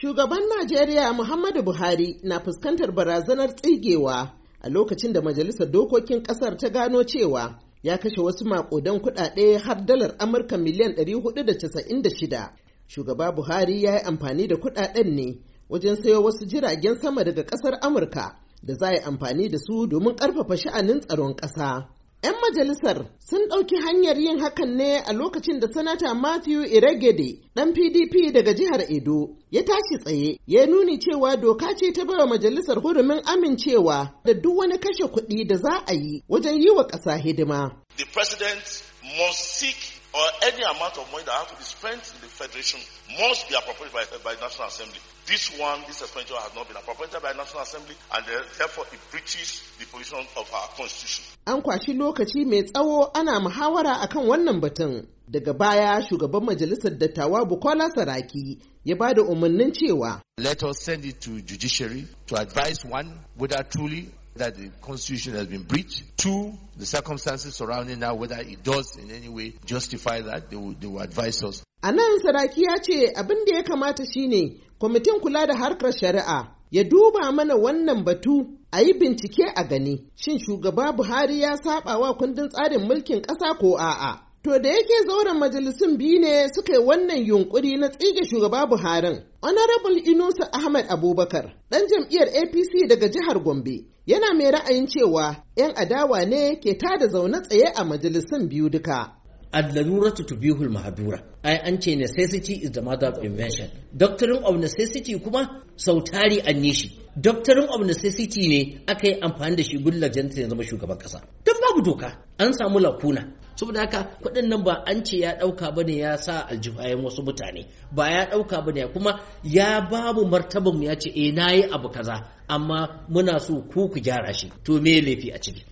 Shugaban Najeriya Muhammadu Buhari na fuskantar barazanar tsigewa a lokacin da Majalisar Dokokin Ƙasar ta gano cewa ya kashe wasu maƙudan kuɗaɗe har dalar Amurka miliyan 496. Shugaba Buhari ya yi amfani da kuɗaɗen ne wajen sayo wasu jiragen sama daga ƙasar Amurka da za a yi amfani da su domin ƙarfafa sha'anin tsaron ƙasa. 'Yan majalisar sun ɗauki hanyar yin hakan ne a lokacin da sanata Matthew Iregede ɗan PDP daga jihar Edo ya tashi tsaye ya nuni cewa doka ce ta bawa majalisar hurumin amincewa da duk wani kashe kuɗi da za a yi wajen yi wa ƙasa hidima. The president must seek or any amount of money that has to be spent in the federation must be appropriated by, by National Assembly. This one, this expenditure has not been appropriated by the National Assembly and uh, therefore it breaches the position of our constitution. An kwashi lokaci mai tsawo ana muhawara akan wannan batun. Daga baya shugaban majalisar dattawa Bukola Saraki ya ba da umarnin cewa Let us send it to judiciary to advise one whether truly that the constitution has been breached. Two, the circumstances surrounding now, whether it does in any way justify that, they will, they will advise us. A nan Saraki ya ce abin da ya kamata shine kwamitin kula da harkar shari'a ya duba mana wannan batu a yi bincike a gani shin shugaba Buhari ya saba wa kundin tsarin mulkin ƙasa ko a'a. To da yake zauren majalisun biyu ne suka yi wannan yunkuri na tsige shugaba Buharin. Honorable Inusa Ahmed Abubakar, ɗan jam'iyyar APC daga jihar Gombe, yana mai ra'ayin cewa 'yan adawa ne ke tada zaune tsaye a majalisun biyu duka. Al-laruratu tubihul mahadura. Ai an ce necessity is the mother of invention. Doctrine of necessity kuma sautari an yi shi. Doctrine of necessity ne aka yi amfani da shi gullar jantar ya zama shugaban kasa. Duk babu doka an samu lakuna saboda haka kuɗin nan ba an ce ya ɗauka ba ne ya sa aljifayen wasu mutane ba ya ɗauka ba ne kuma ya babu martaban mu ya ce eh na yi abu kaza amma muna so ku ku gyara shi to me laifi a ciki.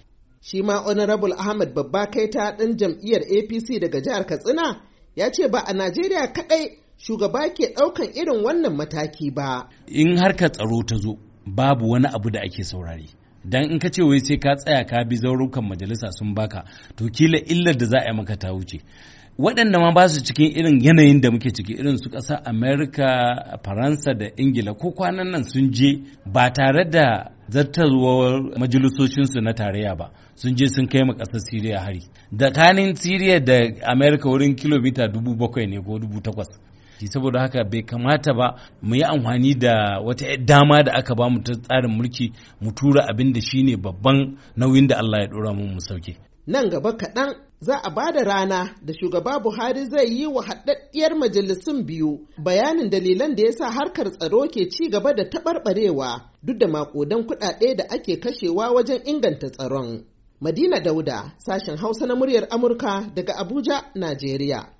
shi ma honorable ahmad babba kai ta ɗan jam'iyyar apc daga jihar katsina ya ce ba a najeriya kaɗai shugaba ke ɗaukan irin wannan mataki ba. in harkar tsaro ta zo babu wani abu da ake saurari dan in ka ce wai sai ka tsaya ka bi zaurukan majalisa sun baka to kila illar da za a yi maka ta wuce waɗanda ma ba su cikin irin yanayin da muke ciki irin su ƙasa amerika faransa da ingila ko kwanan nan sun je ba tare da zartarwar majalisoshinsu na tarayya ba sun je sun kai ma ƙasar siriya hari da kanin siriya da amerika wurin kilomita dubu bakwai ne ko dubu takwas saboda haka bai kamata ba mu yi amfani da wata dama da aka ba mu ta tsarin mulki mu tura abin da shine babban nauyin da Allah ya dora mu mu sauke nan gaba kaɗan za a ba da rana da shugaba Buhari zai yi wa haɗaɗɗiyar majalisun biyu bayanin dalilan da ya sa harkar tsaro ke ci gaba da taɓarɓarewa duk da maƙudan kuɗaɗe da ake kashewa wajen inganta tsaron. Madina Dauda, sashen Hausa na muryar Amurka daga Abuja, Najeriya.